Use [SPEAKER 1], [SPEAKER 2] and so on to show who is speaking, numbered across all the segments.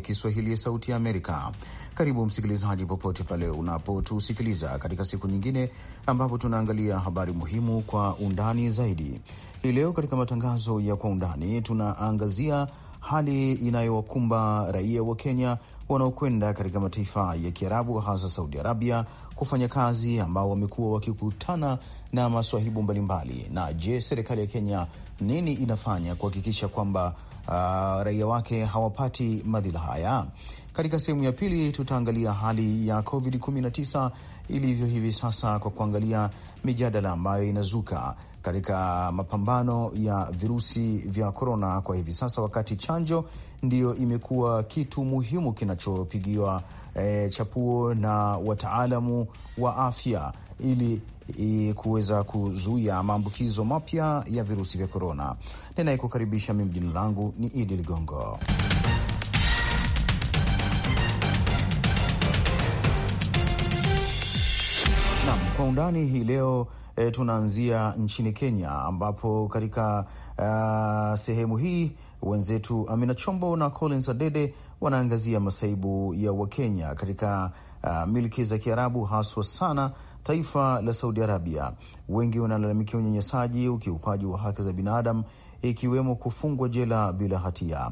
[SPEAKER 1] ya Kiswahili ya Sauti ya Amerika. Karibu msikilizaji, popote pale unapotusikiliza katika siku nyingine ambapo tunaangalia habari muhimu kwa undani zaidi. Hii leo katika matangazo ya Kwa Undani tunaangazia hali inayowakumba raia wa Kenya wanaokwenda katika mataifa ya Kiarabu hasa Saudi Arabia kufanya kazi, ambao wamekuwa wakikutana na maswahibu mbalimbali. Na je, serikali ya Kenya nini inafanya kuhakikisha kwamba uh, raia wake hawapati madhila haya. Katika sehemu ya pili tutaangalia hali ya COVID-19 ilivyo hivi sasa kwa kuangalia mijadala ambayo inazuka katika mapambano ya virusi vya korona kwa hivi sasa, wakati chanjo ndiyo imekuwa kitu muhimu kinachopigiwa e, chapuo na wataalamu wa afya ili Eh, kuweza kuzuia maambukizo mapya ya virusi vya korona. Ninayekukaribisha mimi jina langu ni Idi Ligongo. Nam, kwa undani hii leo e, tunaanzia nchini Kenya ambapo katika uh, sehemu hii wenzetu Amina Chombo na Collins Adede wanaangazia masaibu ya Wakenya katika uh, milki za Kiarabu haswa sana taifa la Saudi Arabia. Wengi wanalalamikia unyanyasaji, ukiukaji wa haki za binadamu, ikiwemo kufungwa jela bila hatia.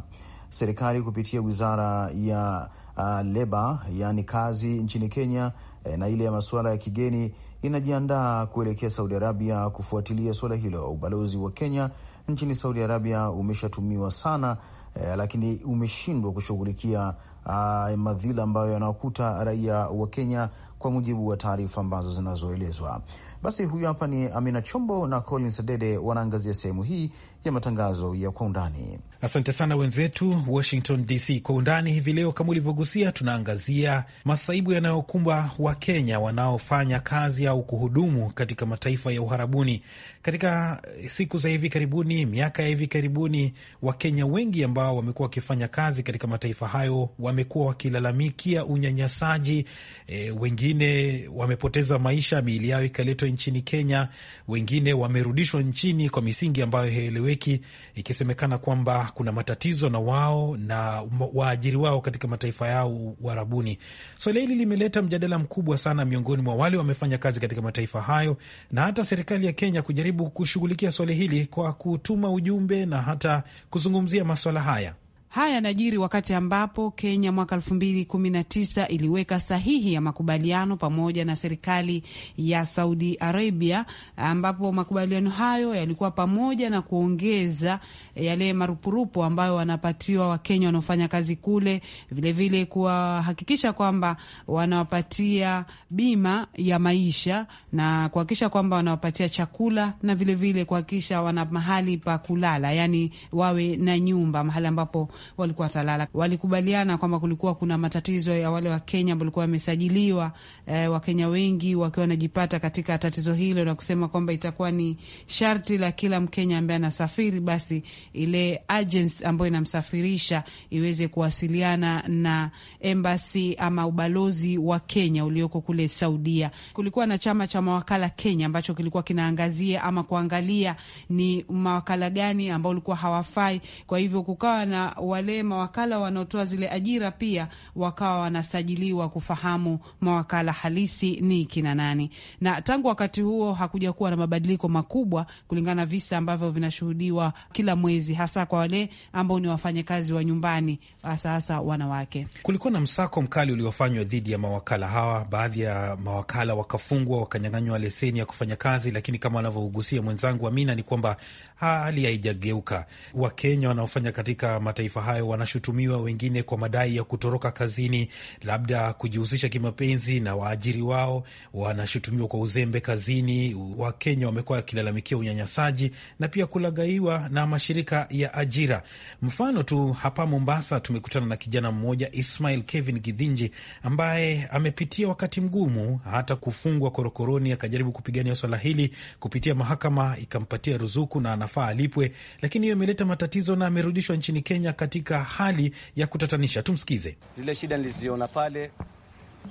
[SPEAKER 1] Serikali kupitia wizara ya uh, leba, yaani kazi nchini Kenya eh, na ile ya masuala ya kigeni inajiandaa kuelekea Saudi Arabia kufuatilia suala hilo. Ubalozi wa Kenya nchini Saudi Arabia umeshatumiwa sana eh, lakini umeshindwa kushughulikia uh, madhila ambayo yanaokuta raia wa Kenya, kwa mujibu wa taarifa ambazo zinazoelezwa. Basi huyu hapa ni Amina Chombo na Collins Dede wanaangazia sehemu hii ya matangazo ya kwa undani.
[SPEAKER 2] Asante sana wenzetu Washington DC. Kwa undani hivi leo, kama ulivyogusia, tunaangazia masaibu yanayokumba Wakenya wanaofanya kazi au kuhudumu katika mataifa ya uharabuni. Katika siku za hivi karibuni, miaka ya hivi karibuni, Wakenya wengi ambao wamekuwa wakifanya kazi katika mataifa hayo wamekuwa wakilalamikia unyanyasaji e, wengine wamepoteza maisha, miili yao ikaletwa nchini Kenya, wengine wamerudishwa nchini kwa misingi ambayo haieleweki, ikisemekana kwamba kuna matatizo na wao na waajiri wao katika mataifa yao Uarabuni. Swala so, hili limeleta mjadala mkubwa sana miongoni mwa wale wamefanya kazi katika mataifa hayo na hata serikali ya Kenya kujaribu kushughulikia swala hili kwa kutuma ujumbe na hata kuzungumzia maswala haya.
[SPEAKER 3] Haya yanajiri wakati ambapo Kenya mwaka 2019 iliweka sahihi ya makubaliano pamoja na serikali ya Saudi Arabia, ambapo makubaliano hayo yalikuwa pamoja na kuongeza yale marupurupu ambayo wanapatiwa Wakenya wanaofanya kazi kule, vilevile kuwahakikisha kwamba wanawapatia bima ya maisha na kuhakikisha kwamba wanawapatia chakula na vilevile kuhakikisha wana mahali pa kulala, yani wawe na nyumba mahali ambapo walikuwa watalala. Walikubaliana kwamba kulikuwa kuna matatizo ya wale Wakenya ambao walikuwa wamesajiliwa, eh, Wakenya wengi wakiwa wanajipata katika tatizo hilo, na kusema kwamba itakuwa ni sharti la kila Mkenya ambaye anasafiri, basi ile agency ambayo inamsafirisha iweze kuwasiliana na embassy ama ubalozi wa Kenya ulioko kule Saudia. Kulikuwa na chama cha mawakala Kenya ambacho kilikuwa kinaangazia ama kuangalia ni mawakala gani ambao walikuwa hawafai. Kwa hivyo kukawa na wale mawakala wanaotoa zile ajira pia wakawa wanasajiliwa kufahamu mawakala halisi ni kina nani, na tangu wakati huo hakuja kuwa na mabadiliko makubwa kulingana na visa ambavyo vinashuhudiwa kila mwezi, hasa kwa wale ambao ni wafanyakazi wa nyumbani, hasa hasa wanawake. Kulikuwa
[SPEAKER 2] na msako mkali uliofanywa dhidi ya mawakala hawa, baadhi ya mawakala wakafungwa, wakanyang'anywa leseni ya kufanya kazi, lakini kama anavyougusia mwenzangu Amina ni kwamba hali haijageuka. Wakenya wanaofanya katika mataifa mataifa hayo wanashutumiwa wengine kwa madai ya kutoroka kazini, labda kujihusisha kimapenzi na waajiri wao, wanashutumiwa kwa uzembe kazini. Wakenya wamekuwa wakilalamikia unyanyasaji na pia kulagaiwa na mashirika ya ajira. Mfano tu hapa Mombasa tumekutana na kijana mmoja Ismail Kevin Gidhinji ambaye amepitia wakati mgumu, hata kufungwa korokoroni, akajaribu kupigania swala hili kupitia mahakama, ikampatia ruzuku na anafaa alipwe, lakini hiyo imeleta matatizo na amerudishwa nchini Kenya katika hali ya kutatanisha. Tumsikize.
[SPEAKER 4] Zile shida niliziona pale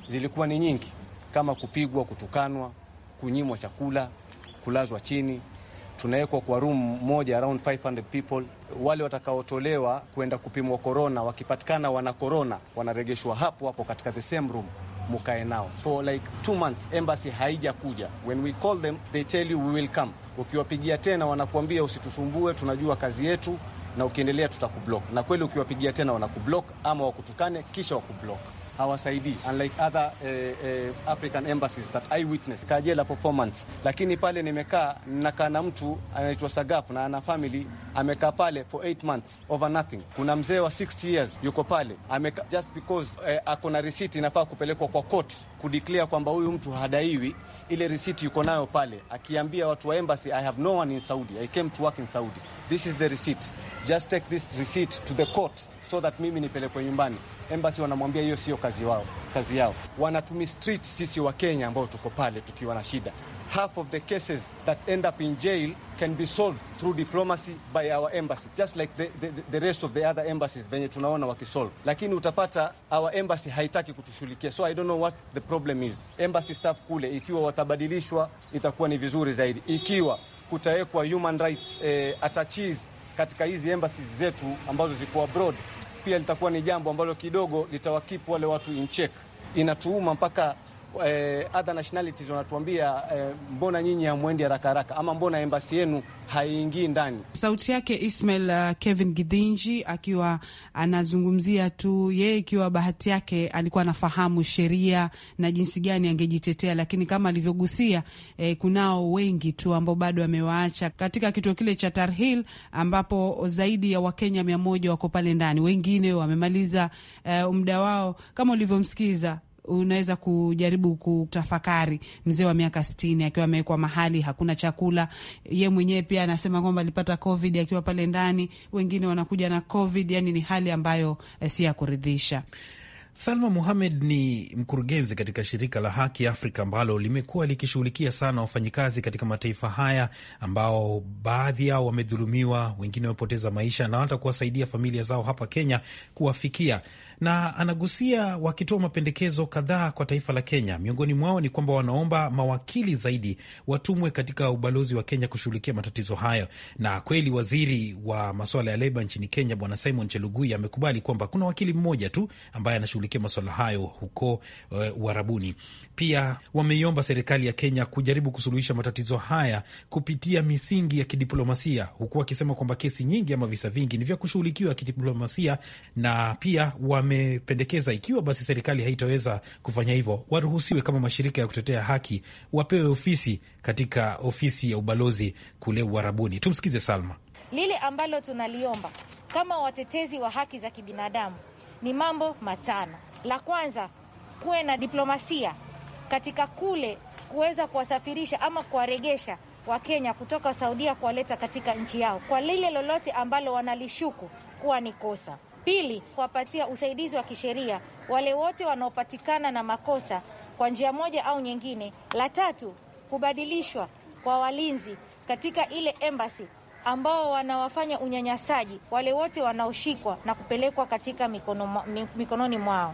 [SPEAKER 4] zilikuwa ni nyingi, kama kupigwa, kutukanwa, kunyimwa chakula, kulazwa chini. Tunawekwa kwa room moja around 500 people. Wale watakaotolewa kwenda kupimwa korona, wakipatikana wana korona, wanaregeshwa hapo hapo katika the same room mukae nao for like two months. Embassy kuja, When we call them they tell you we will come. Ukiwapigia tena wanakuambia usitusumbue, tunajua kazi yetu, na ukiendelea tutakublock, na kweli ukiwapigia tena wanakublock ama wakutukane kisha wakublock hawasaidii unlike other eh, eh, African embassies that I witness Kajela performance. Lakini pale nimekaa nakaa na mtu anaitwa Sagaf na ana family amekaa pale for 8 months over nothing. Kuna mzee wa 60 years yuko pale amekaa just because eh, ako na receipt inafaa kupelekwa kwa court kudeclare kwamba huyu mtu hadaiwi. Ile receipt yuko nayo pale akiambia watu wa embassy, I have no one in Saudi, I came to work in Saudi, this is the receipt, just take this receipt to the court so that mimi nipelekwe nyumbani. Embassy wanamwambia hiyo sio kazi wao, kazi yao. Wanatumi street sisi wa Kenya ambao tuko pale tukiwa na shida. Half of the cases that end up in jail can be solved through diplomacy by our embassy just like the, the, the rest of the other embassies venye tunaona wakisolve, lakini utapata our embassy haitaki kutushughulikia, so I don't know what the problem is. Embassy staff kule, ikiwa watabadilishwa itakuwa ni vizuri zaidi, ikiwa kutawekwa human rights eh, attaches katika hizi embassies zetu ambazo ziko abroad, pia litakuwa ni jambo ambalo kidogo litawakipu wale watu in check. Inatuuma mpaka eh, other nationalities wanatuambia eh, mbona nyinyi hamwendi haraka haraka, ama mbona embasi yenu haiingii ndani.
[SPEAKER 3] Sauti yake Ismail uh, Kevin Gidinji akiwa anazungumzia tu yeye, ikiwa bahati yake alikuwa anafahamu sheria na jinsi gani angejitetea, lakini kama alivyogusia eh, kunao wengi tu ambao bado amewaacha katika kituo kile cha Tarhil ambapo zaidi ya Wakenya mia moja wako pale ndani, wengine wamemaliza eh, muda wao kama ulivyomsikiza unaweza kujaribu kutafakari mzee wa miaka sitini akiwa amewekwa mahali hakuna chakula. Ye mwenyewe pia anasema kwamba alipata covid akiwa pale ndani, wengine wanakuja na covid. Yani ni hali ambayo eh, si ya kuridhisha.
[SPEAKER 2] Salma muhamed ni mkurugenzi katika shirika la Haki Afrika ambalo limekuwa likishughulikia sana wafanyikazi katika mataifa haya ambao baadhi yao wamedhulumiwa, wengine wamepoteza maisha na hata kuwasaidia familia zao hapa Kenya kuwafikia na anagusia wakitoa mapendekezo kadhaa kwa taifa la Kenya. Miongoni mwao ni kwamba wanaomba mawakili zaidi watumwe katika ubalozi wa Kenya kushughulikia matatizo hayo, na kweli waziri wa masuala ya leba nchini Kenya Bwana Simon Chelugui amekubali kwamba kuna wakili mmoja tu ambaye anashughulikia masuala hayo huko eh, Uarabuni. Pia wameiomba serikali ya Kenya kujaribu kusuluhisha matatizo haya kupitia misingi ya kidiplomasia, huku wakisema kwamba kesi nyingi ama visa vingi ni vya kushughulikiwa kidiplomasia na pia wa amependekeza ikiwa basi serikali haitaweza kufanya hivyo, waruhusiwe kama mashirika ya kutetea haki, wapewe ofisi katika ofisi ya ubalozi kule Uarabuni. Tumsikize Salma.
[SPEAKER 5] Lile ambalo tunaliomba kama watetezi wa haki za kibinadamu ni mambo matano. La kwanza, kuwe na diplomasia katika kule kuweza kuwasafirisha ama kuwaregesha Wakenya kutoka Saudia kuwaleta katika nchi yao kwa lile lolote ambalo wanalishuku kuwa ni kosa. Pili, kuwapatia usaidizi wa kisheria wale wote wanaopatikana na makosa kwa njia moja au nyingine. La tatu, kubadilishwa kwa walinzi katika ile embassy ambao wanawafanya unyanyasaji wale wote wanaoshikwa na kupelekwa katika mikono, mikononi mwao.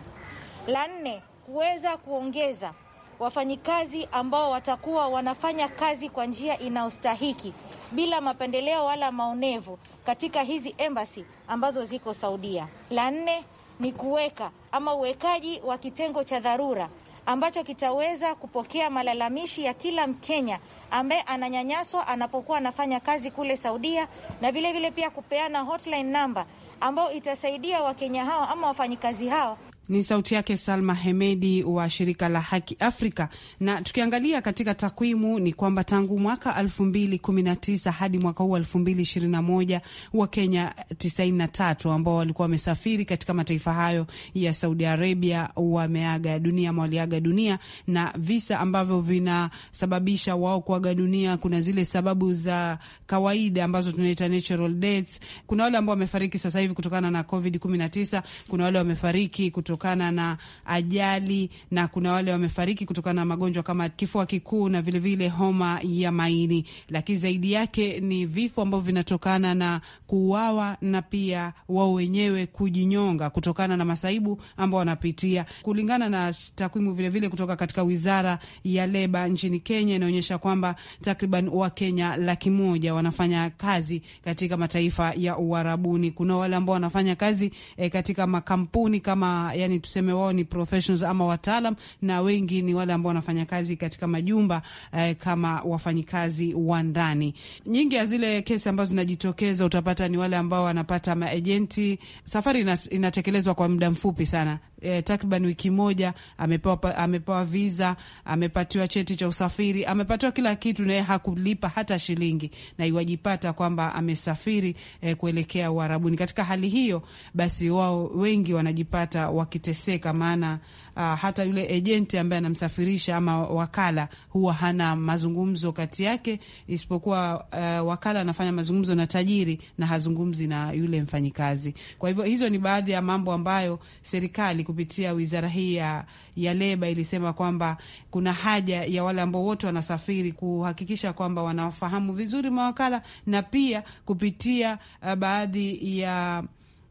[SPEAKER 5] La nne, kuweza kuongeza wafanyikazi ambao watakuwa wanafanya kazi kwa njia inayostahiki bila mapendeleo wala maonevu, katika hizi embassy ambazo ziko Saudia. La nne ni kuweka ama uwekaji wa kitengo cha dharura ambacho kitaweza kupokea malalamishi ya kila Mkenya ambaye ananyanyaswa anapokuwa anafanya kazi kule Saudia, na vilevile vile pia kupeana hotline number ambayo itasaidia Wakenya hao ama wafanyikazi hao
[SPEAKER 3] ni sauti yake Salma Hemedi wa shirika la Haki Afrika. Na tukiangalia katika takwimu ni kwamba tangu mwaka 2019 hadi mwaka huu 2021 Wakenya 93 ambao walikuwa wamesafiri katika mataifa hayo ya Saudi Arabia wameaga dunia ama waliaga dunia, na visa ambavyo vinasababisha wao kuaga dunia, kuna zile sababu za kawaida ambazo tunaita natural deaths. Kuna wale ambao wamefariki sasa hivi kutokana na COVID 19, kuna wale wamefariki kuto kutokana na ajali na kuna wale wamefariki kutokana na magonjwa kama kifua kikuu na vilevile vile homa ya maini, lakini zaidi yake ni vifo ambavyo vinatokana na kuuawa na pia wao wenyewe kujinyonga kutokana na masaibu ambao wanapitia. Kulingana na takwimu vilevile kutoka katika wizara ya leba nchini Kenya inaonyesha kwamba takriban Wakenya laki moja wanafanya kazi katika mataifa ya Uarabuni. Kuna wale ambao wanafanya kazi eh, katika makampuni kama yani tuseme wao ni professionals ama wataalam, na wengi ni wale ambao wanafanya kazi katika majumba eh, kama wafanyikazi wa ndani. Nyingi ya zile kesi ambazo zinajitokeza utapata ni wale ambao wanapata maejenti. Safari inatekelezwa kwa muda mfupi sana eh, takriban wiki moja, amepewa amepewa visa, amepatiwa cheti cha usafiri, amepatiwa kila kitu, naye hakulipa hata shilingi, na iwajipata kwamba amesafiri eh, kuelekea Uarabuni. Katika hali hiyo, basi wao wengi wanajipata wakiteseka, maana Uh, hata yule ejenti ambaye anamsafirisha ama wakala huwa hana mazungumzo kati yake, isipokuwa uh, wakala anafanya mazungumzo na tajiri na hazungumzi na yule mfanyikazi. Kwa hivyo hizo ni baadhi ya mambo ambayo serikali kupitia wizara hii ya, ya leba ilisema kwamba kuna haja ya wale ambao wote wanasafiri kuhakikisha kwamba wanafahamu vizuri mawakala na pia kupitia uh, baadhi ya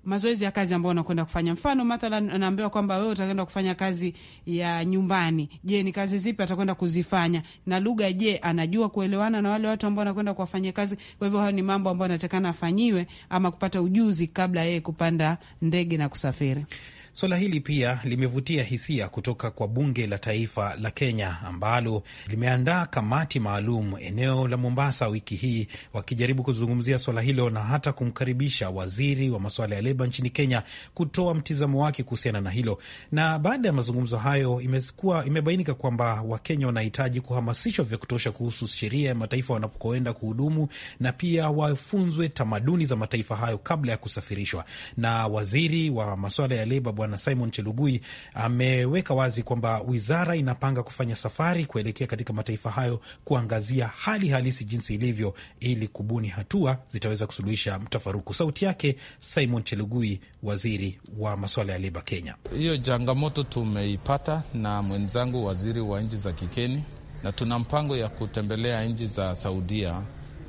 [SPEAKER 3] mazoezi ya kazi ambayo unakwenda kufanya. Mfano mathalan, anaambiwa kwamba wewe utakwenda kufanya kazi ya nyumbani. Je, ni kazi zipi atakwenda kuzifanya na lugha? Je, anajua kuelewana na wale watu ambao anakwenda kuwafanyia kazi? Kwa hivyo hayo ni mambo ambayo anatakana afanyiwe ama kupata ujuzi kabla yeye kupanda ndege na kusafiri.
[SPEAKER 2] Swala hili pia limevutia hisia kutoka kwa bunge la taifa la Kenya ambalo limeandaa kamati maalum eneo la Mombasa wiki hii wakijaribu kuzungumzia swala hilo na hata kumkaribisha waziri wa masuala ya leba nchini Kenya kutoa mtizamo wake kuhusiana na hilo. Na baada ya mazungumzo hayo, imekuwa imebainika kwamba Wakenya wanahitaji kuhamasishwa vya kutosha kuhusu sheria ya mataifa wanapokoenda kuhudumu na pia wafunzwe tamaduni za mataifa hayo kabla ya kusafirishwa. Na waziri wa masuala ya leba Bwana Simon Chelugui ameweka wazi kwamba wizara inapanga kufanya safari kuelekea katika mataifa hayo kuangazia hali halisi jinsi ilivyo, ili kubuni hatua zitaweza kusuluhisha mtafaruku. Sauti yake Simon Chelugui, waziri wa masuala ya leba Kenya.
[SPEAKER 6] Hiyo changamoto tumeipata na mwenzangu waziri wa nchi za kigeni, na tuna mpango ya kutembelea nchi za Saudia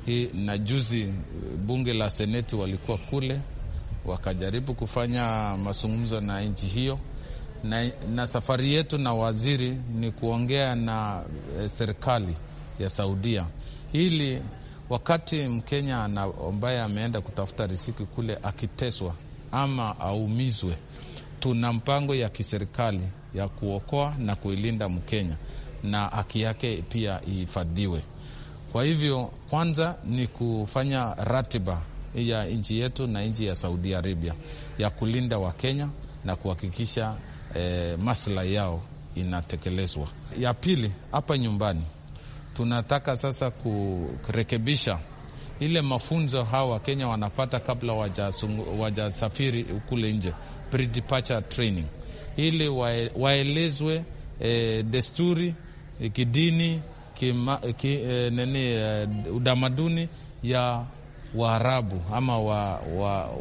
[SPEAKER 6] hii na juzi eh, bunge la seneti walikuwa kule wakajaribu kufanya mazungumzo na nchi hiyo na, na safari yetu na waziri ni kuongea na e, serikali ya Saudia ili wakati Mkenya ambaye ameenda kutafuta riziki kule akiteswa ama aumizwe, tuna mpango ya kiserikali ya kuokoa na kuilinda Mkenya na haki yake pia ihifadhiwe. Kwa hivyo, kwanza ni kufanya ratiba ya nchi yetu na nchi ya Saudi Arabia ya kulinda Wakenya na kuhakikisha eh, maslahi yao inatekelezwa. Ya pili, hapa nyumbani tunataka sasa kurekebisha ile mafunzo hawa Wakenya wanapata kabla wajasafiri kule nje, pre-departure training, ili waelezwe eh, desturi kidini, kima, ki, eh, nini, eh, utamaduni ya Waarabu ama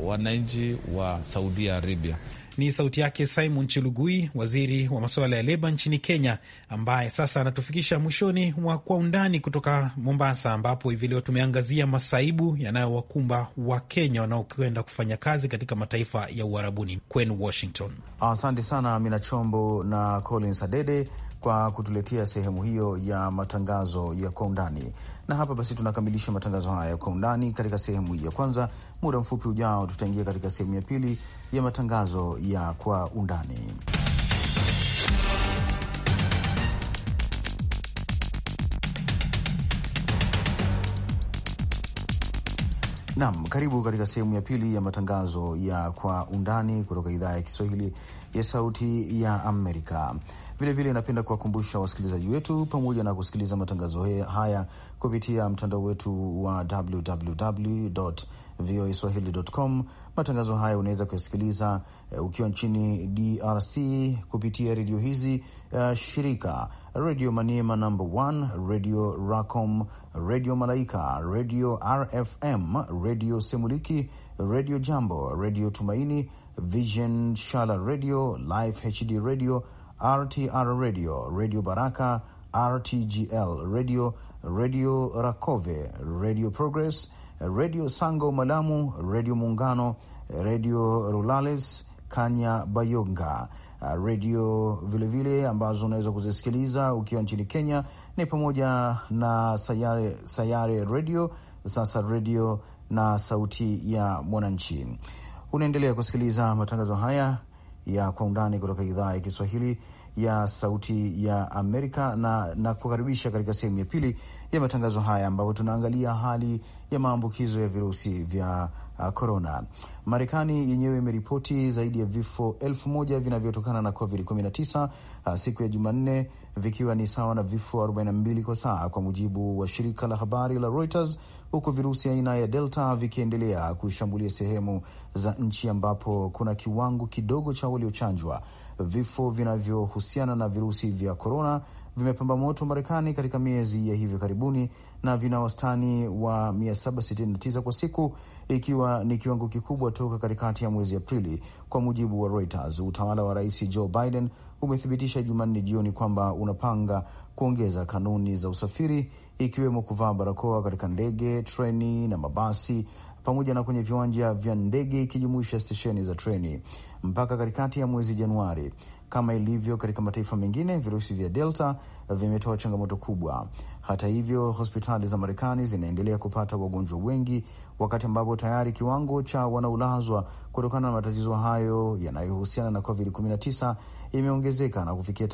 [SPEAKER 6] wananchi wa, wa, wa Saudi Arabia. Ni sauti yake Simon chulugui
[SPEAKER 2] waziri wa masuala ya leba nchini Kenya, ambaye sasa anatufikisha mwishoni mwa Kwa Undani kutoka Mombasa, ambapo hivi leo tumeangazia masaibu yanayowakumba Wakenya wanaokwenda kufanya kazi katika mataifa ya uharabuni Kwenu Washington,
[SPEAKER 1] asante sana Amina Chombo na Collins Adede kwa kutuletea sehemu hiyo ya matangazo ya kwa undani. Na hapa basi tunakamilisha matangazo haya ya kwa undani katika sehemu hii ya kwanza. Muda mfupi ujao, tutaingia katika sehemu ya pili ya matangazo ya kwa undani. Nam, karibu katika sehemu ya pili ya matangazo ya kwa undani kutoka idhaa ya Kiswahili ya Sauti ya Amerika. Vilevile napenda kuwakumbusha wasikilizaji wetu, pamoja na kusikiliza matangazo haya kupitia mtandao wetu wa www voa swahili.com. Matangazo haya unaweza kuyasikiliza uh, ukiwa nchini DRC kupitia redio hizi uh, shirika Redio Maniema namba 1, Redio Racom, Redio Malaika, Redio RFM, Redio Semuliki, Redio Jambo, Redio Tumaini, Vision Shala, Radio Life HD, Radio RTR Radio, Radio Baraka, RTGL Radio, Radio Rakove, Radio Progress, Radio Sango Malamu, Radio Muungano, Radio rulales Kanya Bayonga uh, redio vilevile ambazo unaweza kuzisikiliza ukiwa nchini Kenya ni pamoja na Sayare, Sayare Redio, Sasa Redio na Sauti ya Mwananchi. Unaendelea kusikiliza matangazo haya ya Kwa Undani kutoka idhaa ya Kiswahili ya Sauti ya Amerika na na kukaribisha katika sehemu ya pili ya matangazo haya ambapo tunaangalia hali ya maambukizo ya virusi vya korona. Uh, Marekani yenyewe imeripoti zaidi ya vifo elfu moja vinavyotokana na COVID-19 uh, siku ya Jumanne, vikiwa ni sawa na vifo 42 kwa saa, kwa mujibu wa shirika la habari la Reuters, huku virusi aina ya Delta vikiendelea kushambulia sehemu za nchi ambapo kuna kiwango kidogo cha waliochanjwa. Vifo vinavyohusiana na virusi vya korona vimepamba moto Marekani katika miezi ya hivi karibuni na vina wastani wa 769 kwa siku ikiwa ni kiwango kikubwa toka katikati ya mwezi Aprili, kwa mujibu wa Reuters. Utawala wa Rais Joe Biden umethibitisha Jumanne jioni kwamba unapanga kuongeza kanuni za usafiri, ikiwemo kuvaa barakoa katika ndege, treni na mabasi pamoja na kwenye viwanja vya ndege ikijumuisha stesheni za treni mpaka katikati ya mwezi Januari. Kama ilivyo katika mataifa mengine, virusi vya Delta vimetoa changamoto kubwa. Hata hivyo, hospitali za Marekani zinaendelea kupata wagonjwa wengi wakati ambapo tayari kiwango cha wanaolazwa kutokana na matatizo hayo yanayohusiana na COVID-19 imeongezeka na kufikia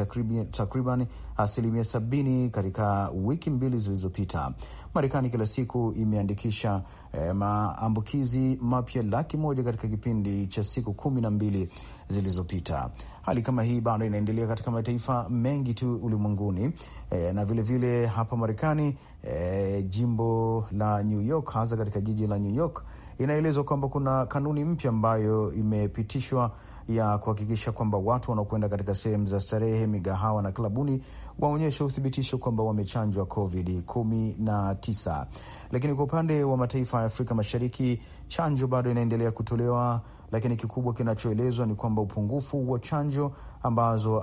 [SPEAKER 1] takriban asilimia sabini katika wiki mbili zilizopita. Marekani kila siku imeandikisha eh, maambukizi mapya laki moja katika kipindi cha siku kumi na mbili zilizopita. Hali kama hii bado inaendelea katika mataifa mengi tu ulimwenguni e, na vilevile vile hapa Marekani e, jimbo la New York, hasa katika jiji la New York, inaelezwa kwamba kuna kanuni mpya ambayo imepitishwa ya kuhakikisha kwamba watu wanaokwenda katika sehemu za starehe, migahawa na klabuni waonyesha uthibitisho kwamba wamechanjwa covid 19. Lakini kwa upande wa mataifa ya Afrika Mashariki, chanjo bado inaendelea kutolewa, lakini kikubwa kinachoelezwa ni kwamba upungufu wa chanjo ambazo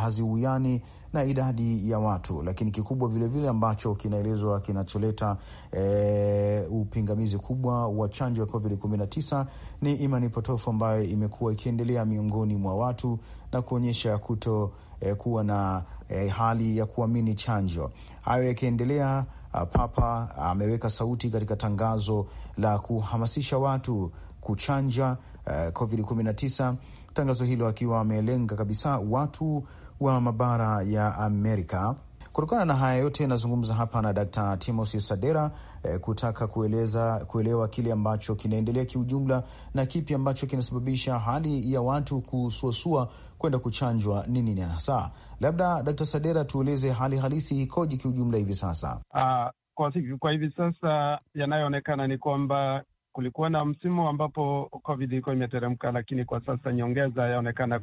[SPEAKER 1] haziuiani na idadi ya watu, lakini kikubwa vilevile vile ambacho kinaelezwa kinacholeta e, upingamizi kubwa wa chanjo ya covid 19 ni imani potofu ambayo imekuwa ikiendelea miongoni mwa watu na kuonyesha kuto eh, kuwa na eh, hali ya kuamini chanjo. Hayo yakiendelea, ah, Papa ameweka sauti katika tangazo la kuhamasisha watu kuchanja eh, COVID-19, tangazo hilo akiwa amelenga kabisa watu wa mabara ya Amerika. Kutokana na haya yote nazungumza hapa na Dkt. Timothy Sadera eh, kutaka kueleza kuelewa kile ambacho kinaendelea kiujumla na kipi ambacho kinasababisha hali ya watu kusuasua kwenda kuchanjwa ni nini hasa? Labda Dkt. Sadera, tueleze hali halisi ikoje kiujumla hivi sasa?
[SPEAKER 7] Uh, kwa, kwa hivi sasa yanayoonekana ni kwamba kulikuwa na msimu ambapo COVID iko imeteremka, lakini kwa sasa nyongeza yaonekana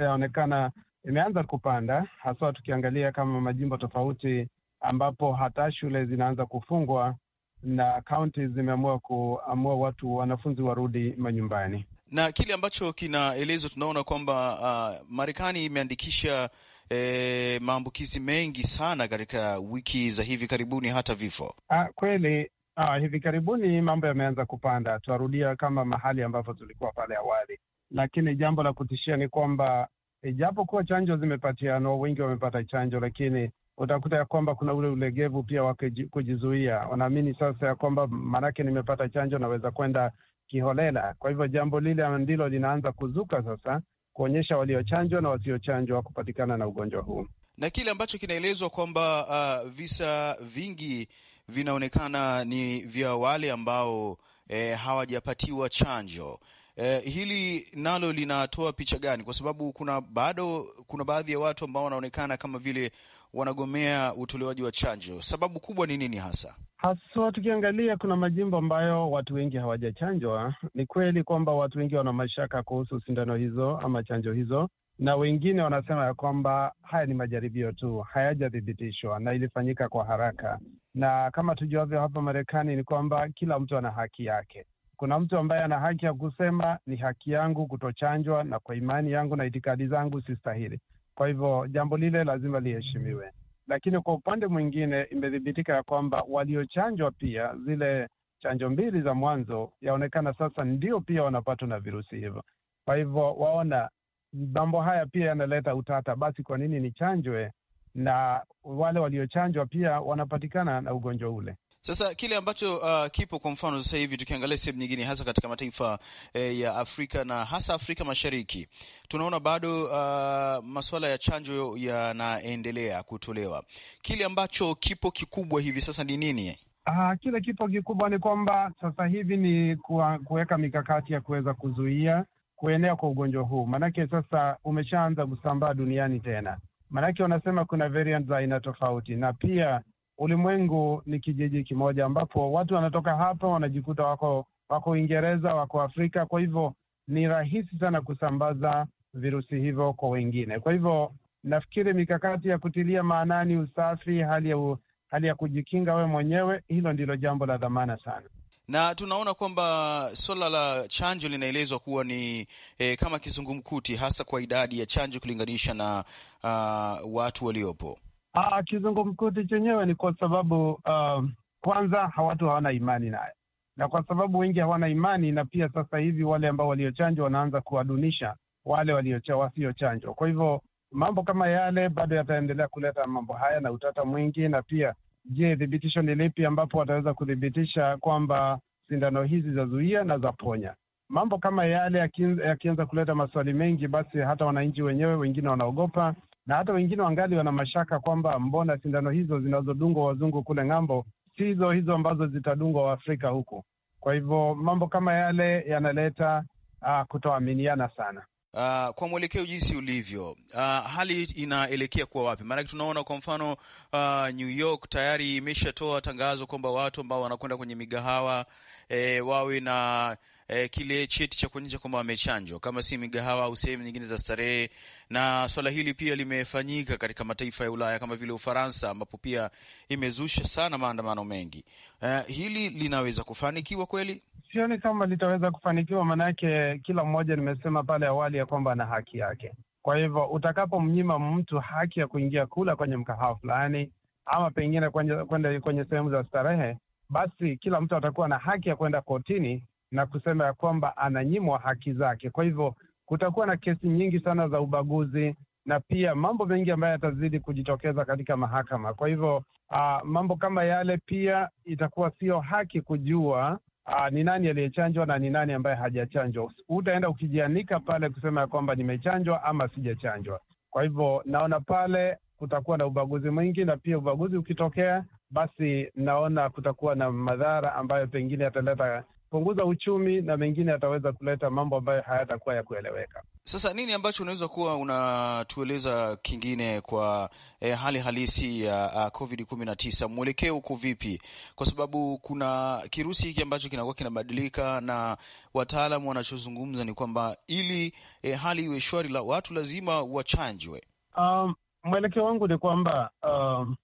[SPEAKER 7] yaonekana imeanza kupanda, haswa tukiangalia kama majimbo tofauti ambapo hata shule zinaanza kufungwa na kaunti zimeamua kuamua watu wanafunzi warudi manyumbani
[SPEAKER 1] na kile ambacho kinaelezwa, tunaona kwamba uh, Marekani imeandikisha E, maambukizi mengi sana katika wiki za hivi karibuni hata vifo.
[SPEAKER 7] Ah, kweli ah, hivi karibuni mambo yameanza kupanda, tuarudia kama mahali ambapo tulikuwa pale awali, lakini jambo la kutishia ni kwamba ijapo kuwa chanjo zimepatianwa, wengi wamepata chanjo, lakini utakuta ya kwamba kuna ule ulegevu pia wa kujizuia. Wanaamini sasa ya kwamba maanake nimepata chanjo naweza kwenda kiholela. Kwa hivyo jambo lile ndilo linaanza kuzuka sasa, kuonyesha waliochanjwa na wasiochanjwa kupatikana na ugonjwa huu,
[SPEAKER 1] na kile ambacho kinaelezwa kwamba uh, visa vingi vinaonekana ni vya wale ambao eh, hawajapatiwa chanjo. Eh, hili nalo linatoa picha gani? Kwa sababu kuna bado kuna baadhi ya watu ambao wanaonekana kama vile wanagomea utolewaji wa chanjo. Sababu kubwa ni nini hasa?
[SPEAKER 7] Haswa tukiangalia kuna majimbo ambayo watu wengi hawajachanjwa. Ni kweli kwamba watu wengi wana mashaka kuhusu sindano hizo ama chanjo hizo, na wengine wanasema ya kwamba haya ni majaribio tu, hayajathibitishwa na ilifanyika kwa haraka. Na kama tujuavyo hapa Marekani ni kwamba kila mtu ana haki yake. Kuna mtu ambaye ana haki ya kusema ni haki yangu kutochanjwa, na kwa imani yangu na itikadi zangu stahili. Kwa hivyo jambo lile lazima liheshimiwe lakini kwa upande mwingine imethibitika ya kwamba waliochanjwa pia zile chanjo mbili za mwanzo yaonekana sasa ndio pia wanapatwa na virusi hivyo. Kwa hivyo waona mambo haya pia yanaleta utata, basi kwa nini nichanjwe na wale waliochanjwa pia wanapatikana na ugonjwa ule?
[SPEAKER 1] Sasa kile ambacho uh, kipo kwa mfano sasa hivi tukiangalia sehemu nyingine, hasa katika mataifa eh, ya Afrika na hasa Afrika Mashariki, tunaona bado uh, masuala ya chanjo yanaendelea kutolewa. Kile ambacho kipo kikubwa hivi sasa ni nini?
[SPEAKER 7] Ah, kile kipo kikubwa ni kwamba sasa hivi ni kuweka mikakati ya kuweza kuzuia kuenea kwa ugonjwa huu, maanake sasa umeshaanza kusambaa duniani tena, maanake wanasema kuna variant za aina tofauti na pia ulimwengu ni kijiji kimoja ambapo watu wanatoka hapa wanajikuta wako wako Uingereza, wako Afrika. Kwa hivyo ni rahisi sana kusambaza virusi hivyo kwa wengine. Kwa hivyo nafikiri mikakati ya kutilia maanani usafi, hali ya, u, hali ya kujikinga wewe mwenyewe, hilo ndilo jambo la dhamana sana
[SPEAKER 1] na tunaona kwamba suala la chanjo linaelezwa kuwa ni e, kama kizungumkuti hasa kwa idadi ya chanjo kulinganisha na uh, watu waliopo.
[SPEAKER 7] Uh, kizungumkuti chenyewe ni kwa sababu uh, kwanza watu hawana imani naye, na kwa sababu wengi hawana imani, na pia sasa hivi wale ambao waliochanjwa wanaanza kuwadunisha wale wasiochanjwa. Kwa hivyo mambo kama yale bado yataendelea kuleta mambo haya na utata mwingi. Na pia je, thibitisho ni lipi ambapo wataweza kuthibitisha kwamba sindano hizi zazuia na zaponya? Mambo kama yale yakianza kuleta maswali mengi, basi hata wananchi wenyewe wengine wanaogopa na hata wengine wangali wana mashaka kwamba mbona sindano hizo zinazodungwa wazungu kule ng'ambo sizo hizo ambazo zitadungwa Waafrika huku. Kwa hivyo mambo kama yale yanaleta uh, kutoaminiana sana.
[SPEAKER 1] Uh, kwa mwelekeo jinsi ulivyo, uh, hali inaelekea kuwa wapi? Maanake tunaona kwa mfano uh, New York tayari imeshatoa tangazo kwamba watu ambao wanakwenda kwenye migahawa eh, wawe na eh, kile cheti cha kuonyesha kwamba wamechanjwa, kama si migahawa au sehemu nyingine za starehe. Na swala hili pia limefanyika katika mataifa ya Ulaya kama vile Ufaransa, ambapo pia imezusha sana maandamano mengi. Eh, hili linaweza kufanikiwa kweli?
[SPEAKER 7] Sioni kama litaweza kufanikiwa, maanake kila mmoja, nimesema pale awali ya kwamba ana haki yake. Kwa hivyo utakapomnyima mtu haki ya kuingia kula kwenye mkahawa fulani ama pengine kwenda kwenye, kwenye sehemu za starehe, basi kila mtu atakuwa na haki ya kwenda kotini na kusema ya kwamba ananyimwa haki zake. Kwa hivyo kutakuwa na kesi nyingi sana za ubaguzi na pia mambo mengi ambayo yatazidi kujitokeza katika mahakama. Kwa hivyo uh, mambo kama yale pia itakuwa sio haki kujua uh, ni nani aliyechanjwa na ni nani ambaye hajachanjwa. Utaenda ukijianika pale kusema ya kwamba nimechanjwa ama sijachanjwa. Kwa hivyo naona pale kutakuwa na ubaguzi mwingi, na pia ubaguzi ukitokea, basi naona kutakuwa na madhara ambayo pengine yataleta kupunguza uchumi na mengine yataweza kuleta mambo ambayo hayatakuwa ya kueleweka.
[SPEAKER 1] Sasa nini ambacho unaweza kuwa unatueleza kingine kwa eh, hali halisi ya uh, ah, COVID 19 mwelekeo uko vipi? Kwa sababu kuna kirusi hiki ambacho kinakuwa kinabadilika na wataalamu wanachozungumza ni kwamba ili eh, hali iwe shwari, la watu lazima wachanjwe.
[SPEAKER 7] Um, mwelekeo wangu ni kwamba um,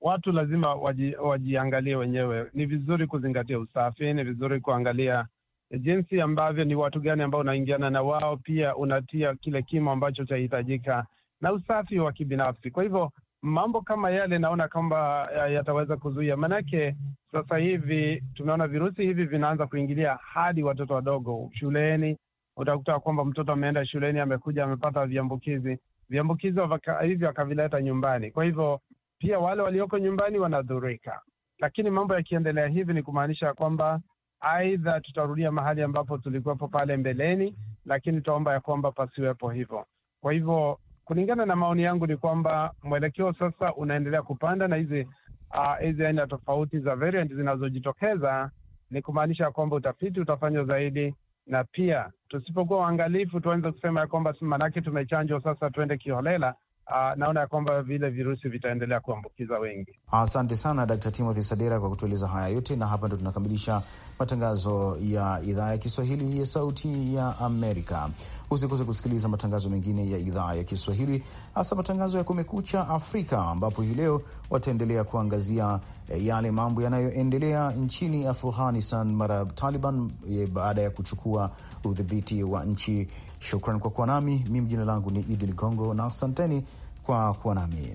[SPEAKER 7] watu lazima waji, wajiangalie wenyewe. Ni vizuri kuzingatia usafi, ni vizuri kuangalia jinsi ambavyo ni watu gani ambao unaingiana na wao, pia unatia kile kimo ambacho chahitajika na usafi wa kibinafsi. Kwa hivyo mambo kama yale naona kwamba yataweza kuzuia, maanake sasa hivi tumeona virusi hivi vinaanza kuingilia hadi watoto wadogo shuleni. Utakuta kwamba mtoto ameenda shuleni, amekuja amepata viambukizi, viambukizi hivyo akavileta nyumbani. Kwa hivyo pia wale walioko nyumbani wanadhurika. Lakini mambo yakiendelea hivi ni kumaanisha kwamba aidha tutarudia mahali ambapo tulikuwepo pale mbeleni, lakini tutaomba ya kwamba pasiwepo hivyo. Kwa hivyo kulingana na maoni yangu ni kwamba mwelekeo sasa unaendelea kupanda na hizi ah, hizi uh, aina tofauti za variant zinazojitokeza ni kumaanisha kwamba utafiti utafanywa zaidi, na pia tusipokuwa waangalifu tuanze kusema ya kwamba manake tumechanjwa sasa tuende kiholela, uh, naona ya kwamba vile virusi vitaendelea kuambukiza wengi.
[SPEAKER 1] Asante sana Dkt. Timothy Sadera kwa kutueleza haya yote, na hapa ndo tunakamilisha matangazo ya idhaa ya Kiswahili ya Sauti ya Amerika. Usikose kusikiliza matangazo mengine ya idhaa ya Kiswahili, hasa matangazo ya Kumekucha Afrika, ambapo hii leo wataendelea kuangazia eh, yale mambo yanayoendelea nchini Afghanistan mara Taliban eh, baada ya kuchukua udhibiti wa nchi. Shukran kwa kuwa nami. Mimi jina langu ni Idi Ligongo na asanteni kwa kuwa nami.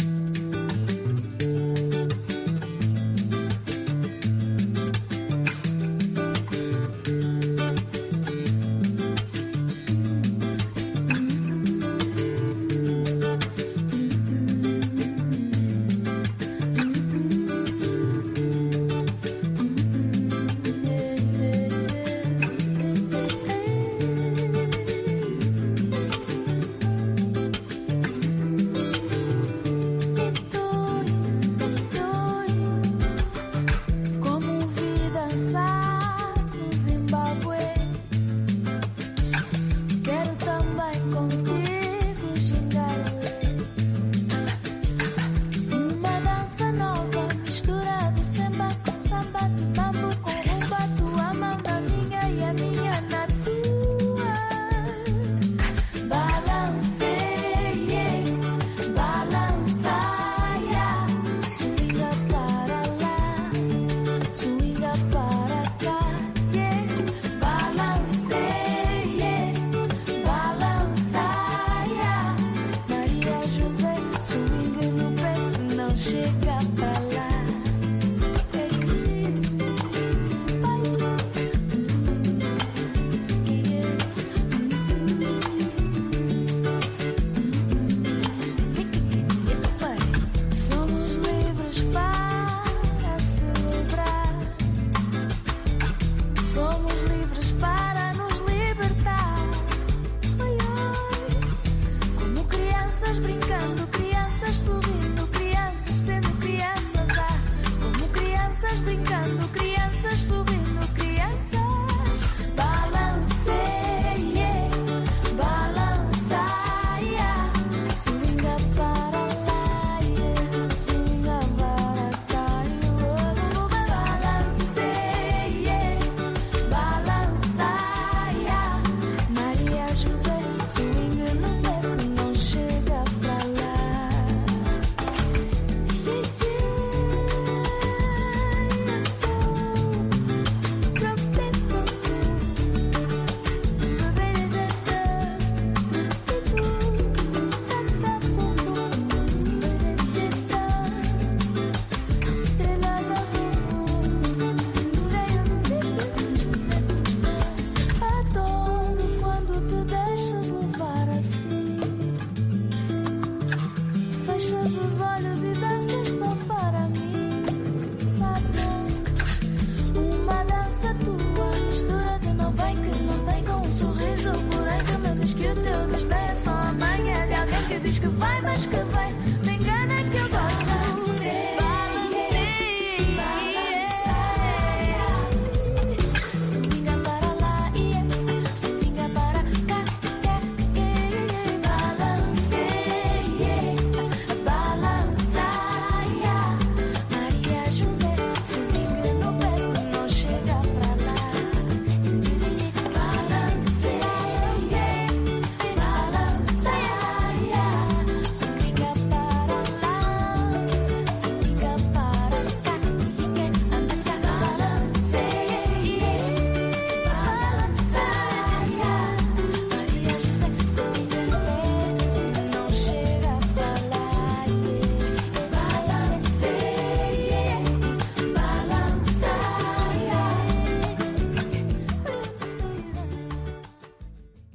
[SPEAKER 8] mas que bem.